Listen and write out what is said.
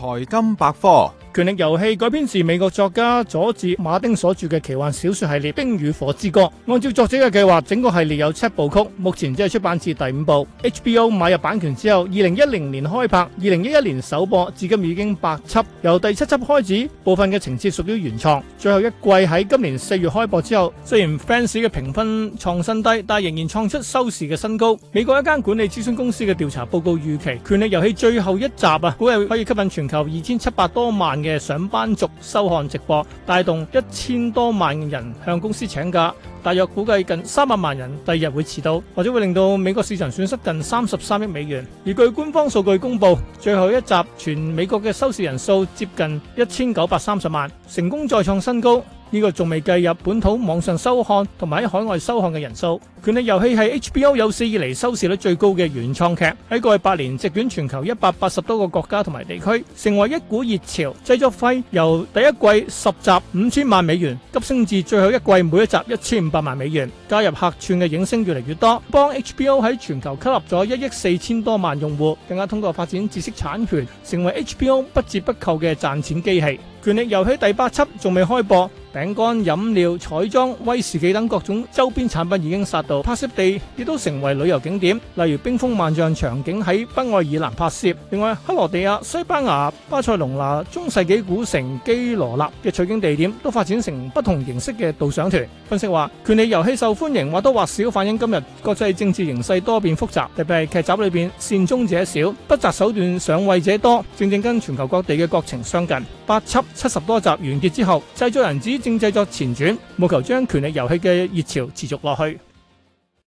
財經百科。《權力遊戲》改編自美國作家佐治·馬丁所著嘅奇幻小說系列《冰與火之歌》。按照作者嘅計劃，整個系列有七部曲，目前只係出版至第五部。HBO 買入版權之後，二零一零年開拍，二零一一年首播，至今已經八輯。由第七輯開始，部分嘅情節屬於原創。最後一季喺今年四月開播之後，雖然 fans 嘅評分創新低，但仍然創出收視嘅新高。美國一間管理諮詢公司嘅調查報告預期，《權力遊戲》最後一集啊，估係可以吸引全球二千七百多萬。嘅上班族收看直播，帶動一千多萬人向公司請假，大約估計近三百萬人第二日會遲到，或者會令到美國市場損失近三十三億美元。而據官方數據公布，最後一集全美國嘅收視人數接近一千九百三十萬，成功再創新高。呢個仲未計入本土網上收看同埋喺海外收看嘅人數。《權力遊戲》係 HBO 有史以嚟，收視率最高嘅原創劇，喺過去八年席捲全球一百八十多個國家同埋地區，成為一股熱潮。製作費由第一季十集五千萬美元急升至最後一季每一集一千五百萬美元。加入客串嘅影星越嚟越多，幫 HBO 喺全球吸納咗一億四千多萬用戶，更加通過發展知識產權，成為 HBO 不折不扣嘅賺錢機器。《權力遊戲》第八輯仲未開播，餅乾、飲料、彩妝、威士忌等各種周邊產品已經殺到拍攝，拍攝地亦都成為旅遊景點，例如冰封萬丈場景喺北愛爾蘭拍攝。另外，克羅地亞、西班牙、巴塞隆拿、中世紀古城基羅納嘅取景地點都發展成不同形式嘅導賞團。分析話，權力遊戲受歡迎或多或少反映今日國際政治形勢多變複雜，特別係劇集裏邊善終者少，不擇手段上位者多，正正跟全球各地嘅國情相近。八輯七十多集完結之後，製作人指，正製作前傳，務求將權力遊戲嘅熱潮持續落去。